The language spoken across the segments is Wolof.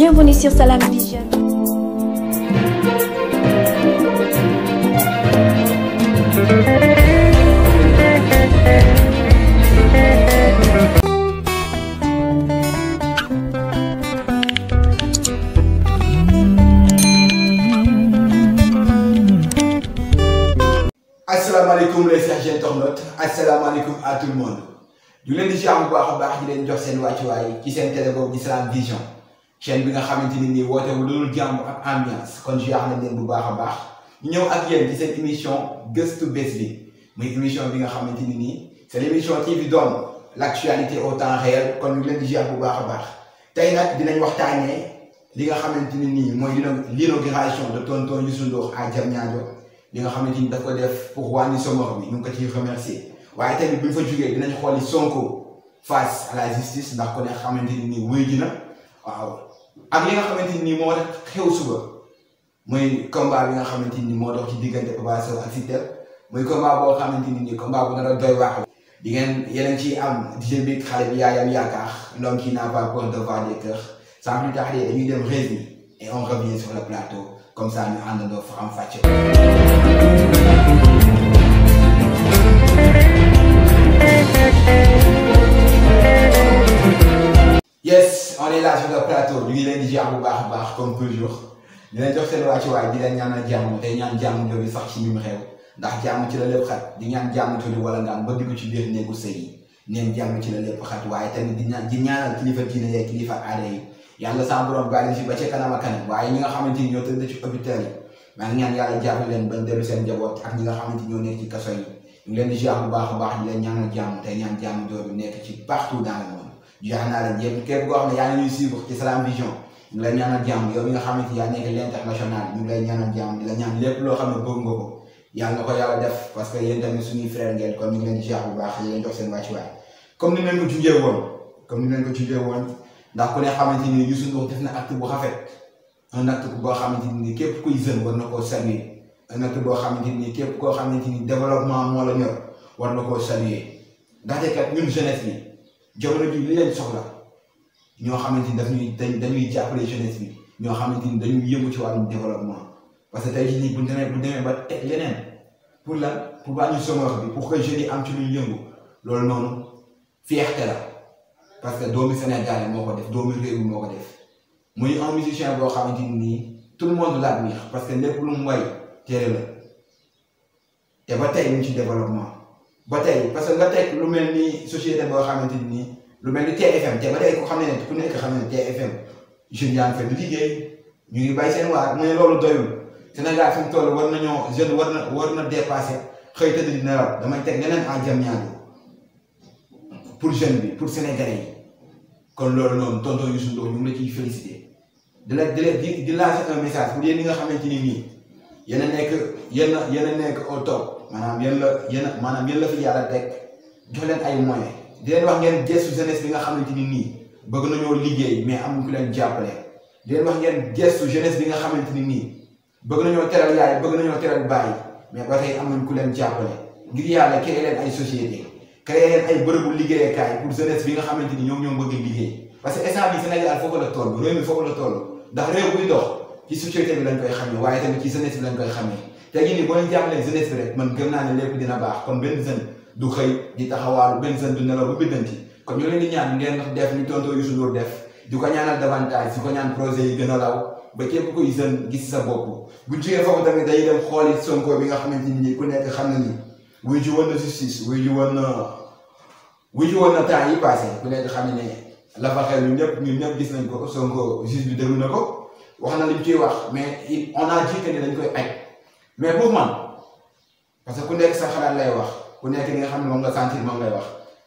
Bienvenue sur Salam Vision. asalaamaaleykum les chers internautes asalaamaaleykum à tout le monde ñu leen di si am bu baax a baax di leen jox seen wàccuwaay ci seen télé boobu di Salam Vision. chaîne bi nga xamante ni nii woote wu loolu jàmm ak ambiance kon jaar nañ leen bu baax a baax ñu ñëw ak yéen ci seen émission gëstu bés bi muy émission bi nga xamante ni nii c'est émission qui vous donne l'actualité au temps kon ñu leen di jaar bu baax a baax tey nag dinañ waxtaanee li nga xamante ni nii mooy li l'inauguration de tonton Youssou Ndour à Diamniadio li nga xamante ni daf ko def pour wàññi somor bi ñu ngi ko ciy remercier waaye tamit bu ñu fa jugee dinañ xooli Sonko face à la justice ndax ko ni nii wéy ji waaw ak li nga xamante ni moo tax xew suba muy combat bi nga xamante ni moo dox ci diggante Papa Sow ak Siteu muy combat boo xamante ni combat bu nar a doy waax di ngeen yéen a am di jëmbeeg xale bi yaayam yaakaar ndoom ci n'a pas peur de voir des cœurs sans plus tarder dañuy dem réseau et on revient sur le plateau comme ça ñu àndandoo faram fàcce. Thank you. on est là sur le plateau ñu ngi leen di bu baax baax comme toujours di leen jox seen wàccuwaay di leen ñaanal jàmm tey sax ci mim xew ndax jàmm ci la lépp di ñaan jàmm wala nga ba dugg ci biir néegu sëy ci la xat waaye tamit di ñaan di ñaanal kilifa diine yeeg kilifa aada yi yàlla sa borom bàyyi ba ca kanam a waaye ñi nga xamante ni ñoo tëdd yi maa ngi ñaan yàlla leen bañ dellu seen njaboot ak ñi nga xamante ñoo nekk ci kaso yi ñu leen di bu baax a baax di leen ñaanal jàmm tey ñaan jàmm doobu nekk ci partout dans le monde jox naa leen yëpp képp koo xam ne yaa ngi ñuy suivre ci Salam Vision ñu ngi lay ñaanal jàmm yow nga xamante yaa nekk l'international ñu lay ñaanal jàmm di la ñaan lépp loo xam ne bëgg ko yàlla na ko yàlla def parce que yéen tamit suñuy frère ngeen kon ñu ngi leen di jeex bu baax yéen jox seen wàccuwaay comme ni leen ko junjee woon comme ni leen ko junjee woon ndax ku ne xamante ni Youssou Ndour def na acte bu rafet un acte boo ni képp kuy jeune war na koo saluer un acte boo xamante képp koo xamante ni développement moo la ñor war na koo saluer ndaxte kat ñun jamono bi li lañ soxla ñoo xamante ni daf ñuy dañuy jàppale jeunesse bi ñoo xamante ni dañuy yëngu ci wàllum développement parce que tey jii nii bu ñu demee bu ñu demee ba teg leneen pour la pour wàññi chômage bi pour que jeunes am ci lu yëngu loolu noonu fierté la parce que doomi Sénégal moo ko def doomi réew moo ko def muy un musicien boo xamante ni tout le monde l'admire parce que lépp lu mu way téere la te ba tey ñu ci développement. ba tey parce que nga teg lu mel ni société boo xamante ni lu mel ni TFM te ba tey ku xam ne ku nekk xam ne TFM jeunes yaa ngi fa di liggéey ñu ngi bay seen waar mais loolu doyul Sénégal fi mu toll war nañoo jeune war na war na dépassé xëy tëdd di nelaw damay teg neneen en jam ñaari pour jeune bi pour sénégalais yi kon loolu noonu tonton Youssou Ndour ñu ngi la ciy félicité di la di la di di lancer un message pour yéen ñi nga xamante ni nii yéen a nekk yéen a yéen a nekk au maanaam yéen la yéen maanaam yéen la fi yàlla teg jox leen ay moyens di leen wax ngeen gestu jeunesse bi nga xamante ni nii bëgg nañoo liggéey mais amuñ ku leen jàppale di leen wax ngeen gestu jeunesse bi nga xamante ni nii bëgg nañoo teral yaay bëgg nañoo teral bàyyi mais ba tey amuñ ku leen jàppale ngir yàlla créé leen ay société créé leen ay bërëbu liggéeykaay pour jeunesse bi nga xamante ni ñoom ñoom bëgg liggéey parce que instant bi Sénégal foofu la toll réew mi foofu la toll ndax réew buy dox ci société bi lañ koy xamee waaye tamit ci jeunesse bi lañ koy xamee te gi nii boo leen jàppalee jeunesse bi man gëm naa ne lépp dina baax kon benn jeune du xëy di taxawaalu benn jeune du nelaw bu biddanti kon ñu leen di ñaan ngeen def ni tonto Youssou Ndour def di ko ñaanal davantage di ko ñaan projet yi gën a law ba képp kuy jeune gis sa bopp buñ jógee foofu tamit day dem xooli Sonko bi nga xamante ni ku nekk xam na ni wuy ji woon na justice ji woon na wuy ji woon na temps yi passé ku nekk xam ne la fa xel ñun ñëpp ñun ñëpp gis nañ ko Sonko juge bi déglu na ko wax na li mu ciy wax mais on a jiite ne dañ mais pour man parce que ku nekk sa xalaat lay wax ku nekk li nga xam ne moom nga sentir moom lay wax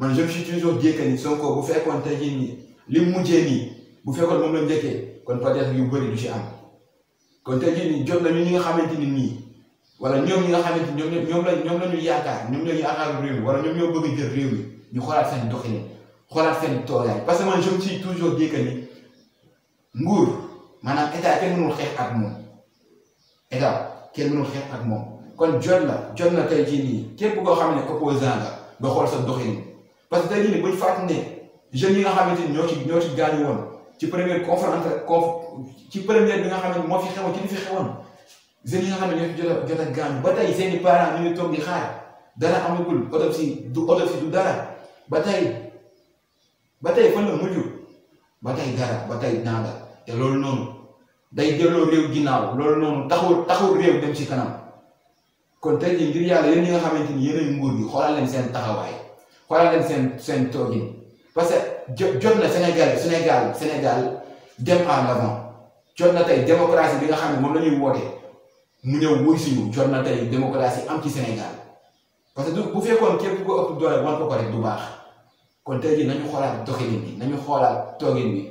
man je me suis toujours dit que fekkoon tey jii li mu mujjee nii bu fekkoon moom la njëkkee kon peut yu bëri du ci am kon tey jii nii jot nañu ñi nga xamante ni nii wala ñoom ñi nga xamante ni ñoom ñoom la ñoom la ñu yaakaar ñu yaakaar réew mi wala ñoom ñoo a jël réew mi ñu xoolaat seen doxalin xoolaat seen tooyaay parce que man je me suis toujours dit que ni xeex ak moom état. kenn mënul xeex ak moom kon jot la jot na tey jii nii képp koo xam ne opposant nga nga xool sa doxin parce que tey jii nii bu ñu ne jeunes yi nga xam ni ñoo ci ñoo ci gaañu woon ci première conférence ci première bi nga xam ne moo fi xewoon ci li fi xewoon jeunes yi nga xam ne ñoo ci jot a jot a gaañu ba tey seen i parents ñu ngi toog di xaar dara amagul autopsie du autopsie du dara ba tey ba tey fan la ba tey dara ba tey naada te loolu noonu. day delloo réew ginnaaw loolu noonu taxul taxul réew dem ci kanam kon tey jii ngir yàlla yéen ñi nga xamante ni yéenay nguur gi xoolal leen seen taxawaay xoolal leen seen seen toogin parce que jot jot na Sénégal Sénégal Sénégal dem en avant jot na tey démocratie bi nga xam ne moom la ñuy woote mu ñëw wuy si ñu jot na tey démocratie am ci Sénégal parce que bu fekkoon képp ko ëpp doole wan ko ko rek du baax kon tey jii nañu xoolaat doxalin bi nañu xoolaat toogin bi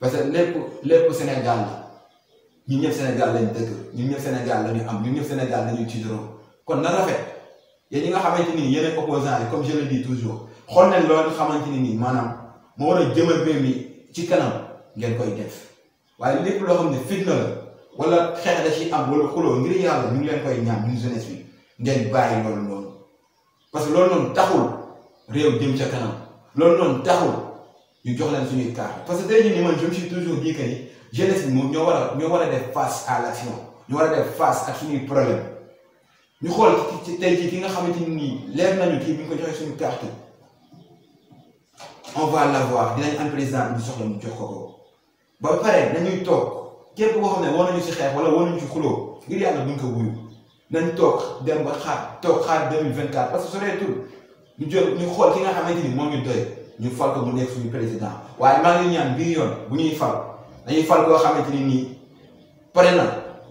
parce que l lépp Sénégal ñun ñëpp Sénégal lañ dëkk ñun ñëpp Sénégal lañu am ñun ñëpp Sénégal lañuy tiitaroo kon na rafet yéen ñi nga xamante ni yeneen opposants yi comme je le dis toujours xool nañ loolu xamante ni nii maanaam moo war a jëmal réew mi ci kanam ngeen koy def waaye lépp loo xam ne fitna la wala xeex da ci am wala xuloo ngir yàlla ñu ngi leen koy ñaan ñun jeunesse bi ngeen bàyyi loolu noonu parce que lool noonu taxul réew jëm ca kanam loolu noonu taxul ñu jox leen suñuy kaar parce que tey jeunesse bi moom ñoo war a ñoo war a def face à l'action ñoo war a def fas a suñuy problème ñu xool ci tey jii ki nga xamante ni nii leer nañu kii bi ñu ko joxee suñu carte on va l'avoir dinañ am président bi soxla mu jox ko ko ba pare nañuy toog képp koo xam ne war nañu si xeex wala war nañu si xuloo ngir yàlla buñ ko wuyu nañ toog dem ba xaar toog xaar 2024 parce que soreetul ñu jël ñu xool ki nga xamante ni moo ñu doy ñu fal ko mu nekk suñu président waaye maa ngi ñaan bii yoon dañuy fal koo xamante ni nii pare na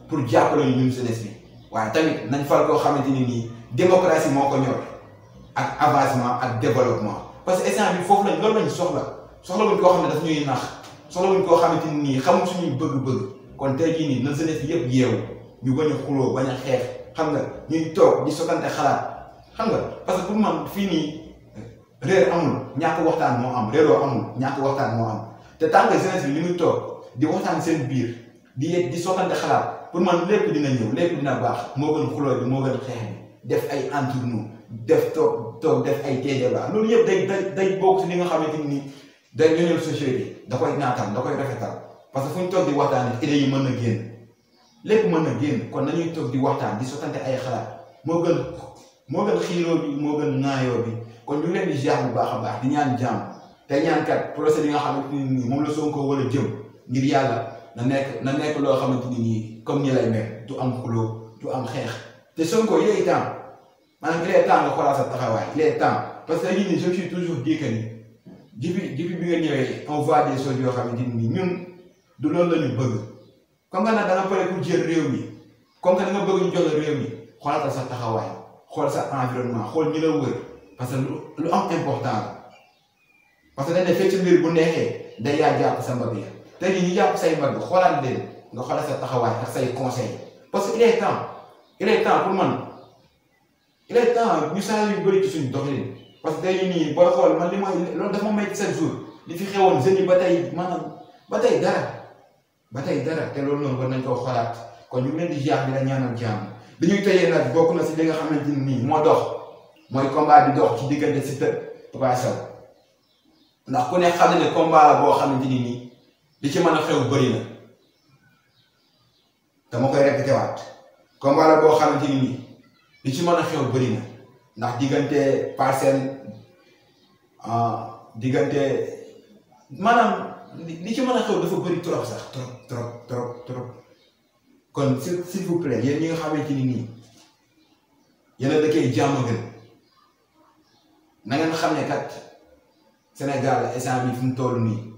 pour jàppale ñun jeunesse bi waaye tamit nañ fal koo xamante ni nii démocratie moo ko ñor ak avancement ak développement parce que instant bi foofu lañ loolu lañ soxla soxla wuñ koo xam ne daf ñuy nax soxla wuñ koo xamante ni nii xamul suñuy bëgg-bëgg kon te jii nii na jeunesse bi yëpp yeewu ñu bañ a xuloo bañ xeex xam nga ñuy toog di sottante xalaat xam nga parce que pour man fii nii réer amul ñàkk waxtaan moo am réeroo waxtaan moo di waxtaan seen biir di yegg di sottante xalaat pour man lépp dina ñëw lépp dina baax moo gën xuloo bi moo gën xeex bi def ay entournou def toog toog def ay tee débat loolu yëpp day day day bokk si li nga xamante ni day ñëwal société da koy naatal da koy rafetal que fu ñu toog waxtaan idées yi mën na génn lépp mën na génn kon nañuy toog di waxtaan di sottante ay xalaat moo gën moo gën xiiroo bi moo gën naayoo bi kon lu leen di jaar bu baax a baax di ñaan jàmm te ñaan kat procès yi nga xamante ni moom la sonkoo war a jëm. ngir yàlla na nekk na nekk loo xamante ni nii comme ñi lay mel du am xuloo du am xeex te Sonko il est temps maanaam il nga xoolal temps parce que ñun je suis toujours dit nga ñëwee yoo xamante ni ñun du loolu la ñu bëgg comme que nag da nga pare pour jël réew mi comme que da nga bëgg sa taxawaay xool sa environnement xool ñi la wër parce que lu lu am important la parce que dañ ne fecc mbir bu neexee day yaa jàpp sa mbab ya te ni ñu jàpp say mbagg xoolaat leen nga xoolaat sa taxawaay ak say conseil parce que il est temps il est pour man il est temps ñu saa yu bëri ci suñu doxalin parce que tey nii booy xool man li ma loolu dafa may ci chaque jour li fi xewoon jeunes yi ba tey maanaam ba tey dara ba tey dara te loolu noonu war nañ koo xoolaat kon ñu ngi leen di jaar di la ñaanal jàmm li ñuy tëjee nag bokk na si li nga xamante ni nii moo dox mooy combat bi dox ci diggante Siteu Papa ndax ku boo xamante ni nii. li ci mën a xew bëri na dama koy répété waat combat la boo xamante ni nii li ci mën a xew bëri na ndax diggante parcelle ah, diggante maanaam li ci mën a xew dafa bëri trop sax trop trop trop trop kon s'il vous yi yéen ñi nga xamante ni nii yéen a dëkkee jàmm gën na xam ne kat Sénégal instant bi fi mu toll nii.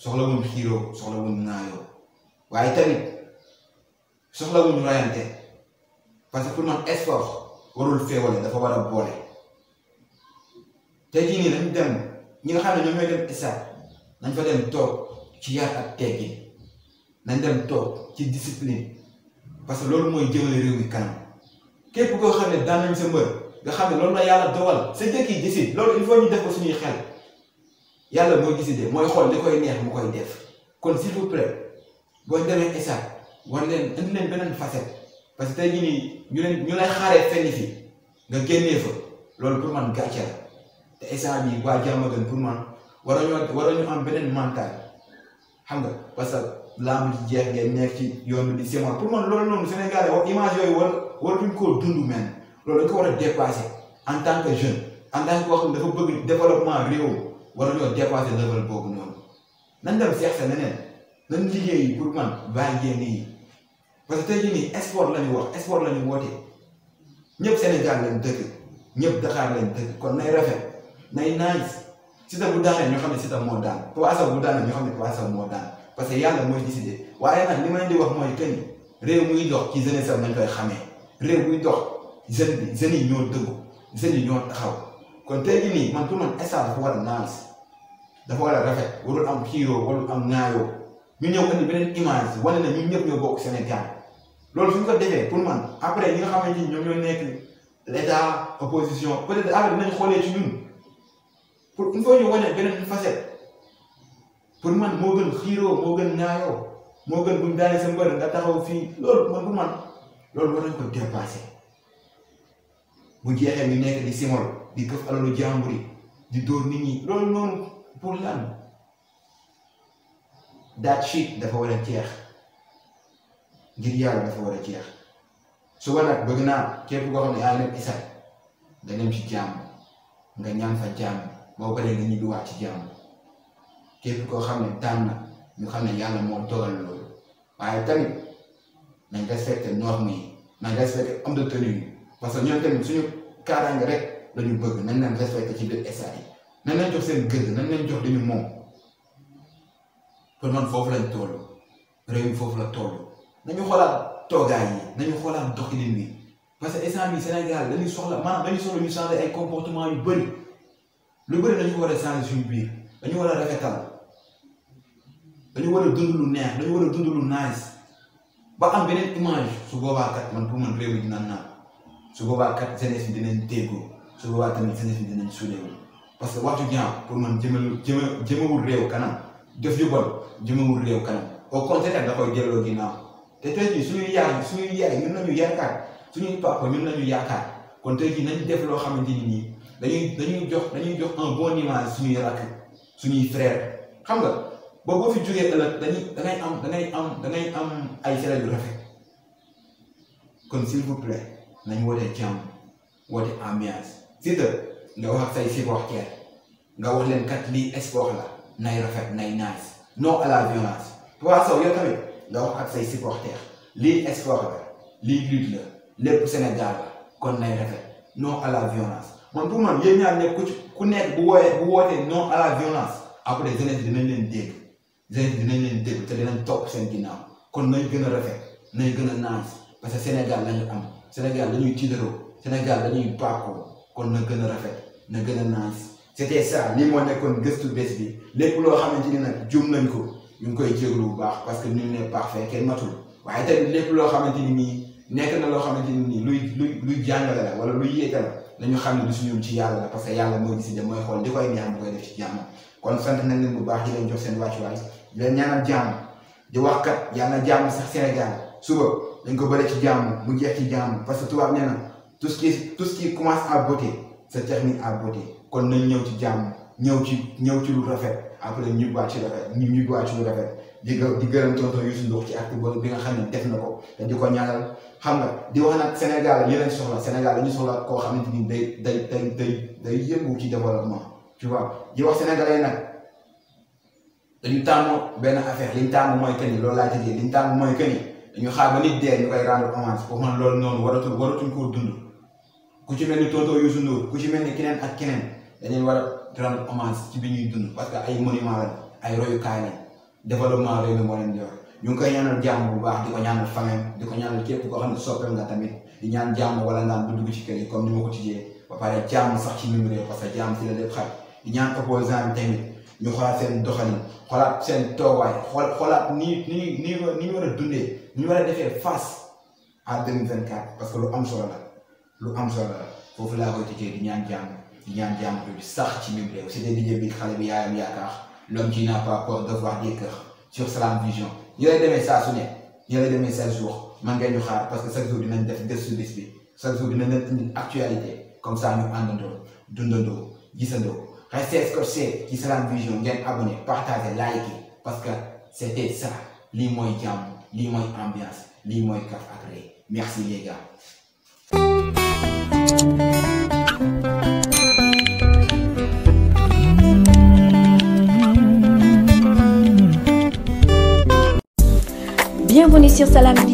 soxla soxlawuñ xiiroo soxlawuñ naayoo waaye tamit soxlawuñ rayante parce que pour man sport warul féewale dafa war a boole tey jii nii dañ dem ñi nga xam ne ñoom ñooy dem ISRA nañ fa dem toog ci yar ak teggin nañ dem toog ci discipline parce que loolu mooy jëmale réew mi kanam képp koo xam ne daan nañ sa mbër nga xam ne loolu la yàlla dogal sa jëkk yi loolu il faut ñu def suñuy xel. yàlla mooy de mooy xool li koy neex mu koy def kon s'il vous boo demee ISRA war leen indi beneen facette parce que tey jii nii ñu leen ñu si xaaree fenn nga génnee fa loolu pour man gàcce la te ISRA yi waa jàmm gën pour man war nañoo war nañu am beneen mental xam nga parce que laa ci jeex ngeen nekk ci yoon bi si semence pour man loolu noonu Sénégal wax image yooyu war waratuñ koo dund même loolu dañ ko war a dépasser en tant que jeune en tant que koo xam dafa bëgg développement wala ñoo dépassé level boobu noonu nañ dem seex sa neneen nañ liggéey pour man bàyyi yenn yi parce que tey jii nii sport la ñu wax sport la ñu woote ñëpp Sénégal lañ dëkk ñëpp Dakar lañ dëkk kon nay rafet nay nice Siteu bu daanee ñoo xam ne Siteu moo daan Papa Sow bu daanee ñoo xam ne Papa moo daan parce que yàlla mooy décidé waaye nag li ma leen di wax mooy que ni réew muy dox ci jeunesse am nañ koy xamee réew muy dox jeune bi jeunes yi ñoo kon tey jii nii man pour man essence dafa war a naans dafa war a rafet warul am xiiroo warul am naayoo ñu ñëw indi beneen image wane na ñun ñëpp ñoo bokk Sénégal loolu suñ ko defee pour man après ñi nga xamante ni ñoom ñoo nekk l'état opposition peut-être après dinañ xoolee ci ñun pour il faut ñu wane beneen facette pour man moo gën xiiroo moo gën naayoo moo gën buñ daane sa mbër nga taxaw fii loolu man pour man loolu war nañ ko dépasser. bu jeexee ñu nekk di simol di këf alalu jàmbur yi di dóor nit ñi loolu noonu pour lan daat shit dafa war a jeex ngir yàlla dafa war a jeex suba nag bëgg naa képp koo xam ne yaa nekk isal nga dem ci jàmm nga ñaan fa jàmm boo paree nga xam ne tànn na ñu xam ne yàlla moo dogal loolu waaye tamit nañ respecté norme yi nañ respecté homme de tenue parce que ñoom tamit suñu kaaraange rek la ñu bëgg nañ leen respecté ci biir SA seen gëdd nañ leen jox li ñu moom pour foofu lañ toll foofu la toll nañu xoolaat toogaay yi nañu xoolaat doxalin wi parce que instant bi Sénégal dañuy dañuy soxla ñu changer ay comportement yu bëri lu bëri dañu ko war a changer suñu biir dañu war a rafetal dañu war a dund neex dañu war a dund lu nice ba am beneen image su boobaa man pour man réew mi naan naan. su boobaa kat jeunesse bi dinañ déggoo su boobaa tamit jeunesse bi dinañ suudeewu parce que waxtu jàmm pour man jëmal jëma jëmawul réew kanam def yu bon jëmawul réew kanam au contraire da koy delloo ginnaaw te tey jii suñuy yaay suñuy yaay ñun nañu yaakaar suñuy papa ñun kon tey jii nañ def loo xamante ni nii dañuy dañuy jox dañuy jox un bon image suñuy rakk suñuy frère xam nga ba boo fi jógee ëllëg dangay am dangay am am ay cere yu rafet kon s'il vous plaît nañ wootee jàmm woote ambiance Siteu nga wax ak say supporters nga wax leen kat lii sport la nay rafet nay nice non à violence Papa Sow yow tamit nga wax ak say supporters lii sport la lii lutte la lépp Sénégal la kon nay rafet non à la violence man pour man yéen ñaar ñëpp ku ci ku nekk bu wooyee bu wootee non à la violence après jeunesse dinañ leen dégg jeunesse dinañ leen dégg te dinañ topp seen ginnaaw kon nay gën a rafet nay gën a nice parce que Sénégal Sénégal dañuy tiitaroo Sénégal dañuy bàkkoo kon na gën a rafet na gën a naas c'était ça lii moo nekkoon gëstu bés bi lépp loo xamante ni nag jum nañ ko ñu ngi koy jéglu bu baax parce que nul n'est parfait kenn matul waaye tamit lépp loo xamante ni nii nekk na loo xamante ni nii luy luy luy jàngale la wala luy yéete la nañu xam ne du suñu ci yàlla la parce que yàlla mooy décidé mooy xool di koy neex mu koy def ci jàmm kon sant nañ leen bu baax di leen jox seen wàccuwaay di leen ñaanal jàmm di wax kat yàlla jàmm sax Sénégal suba. dañ ko bëre ci jàmm mu jeex ci jàmm parce que tubaab nee na tout ce qui tout ce qui commence à beauté se termine à beauté kon nañ ñëw ci jàmm ñëw ci ñëw ci lu rafet après ñu ci rafet ñu ñu baat di gë di gërëm tonton Youssou Ndour ci acte bi nga xam ne def na ko te di ko ñaanal xam nga di wax nag Sénégal ñu leen soxla Sénégal dañu soxla koo xamante ni day day day day day yëngu ci développement ci vois di wax sénégalais nag. dañu tàmm benn affaire liñ tàmm mooy que ni liñ tàmm mooy que ñu xaar ba nit dee ñu koy rendre hommage foofu man loolu noonu waratul waratuñ koo dund ku ci mel ni tonton Youssou Ndour ku ci mel ni keneen ak keneen dañuy war a rendre bi ñuy parce que ay monument ay royukaay la développement réew moo leen ñu ngi koy ñaanal jàmm bu baax di ko ñaanal famille koo xam ne soppeeku nga tamit ñaan jàmm wala naan bu dugg ci ko tijjee ba pare sax ci mim que jàmm ci la lépp xaj seen doxalin xoolaat seen toowaay xool xoolaat ni ni ni a dundee ñu ma a defee face à 2024 parce que lu am solo la lu am solo la foofu laa koy tëjee di ñaan jàmm di ñaan jàmm bi sax ci même réew si dee di bi xale bi yaayam yaakaar l'homme qui n'a pas peur de voir des cœurs sur Salam Vision ñu lay demee saa su ne ñu lay demee chaque jour man ngeen ñu xaar parce que chaque jour dinañ def gëstu bis bi chaque jour dinañ leen indi actualité comme ça ñu àndandoo dundandoo gisandoo restez scotchés ci Salam Vision ngeen abonné partagé lii mooy ambiance lii mooy kaf ak ree merci les gars. Bienvenue sur Salam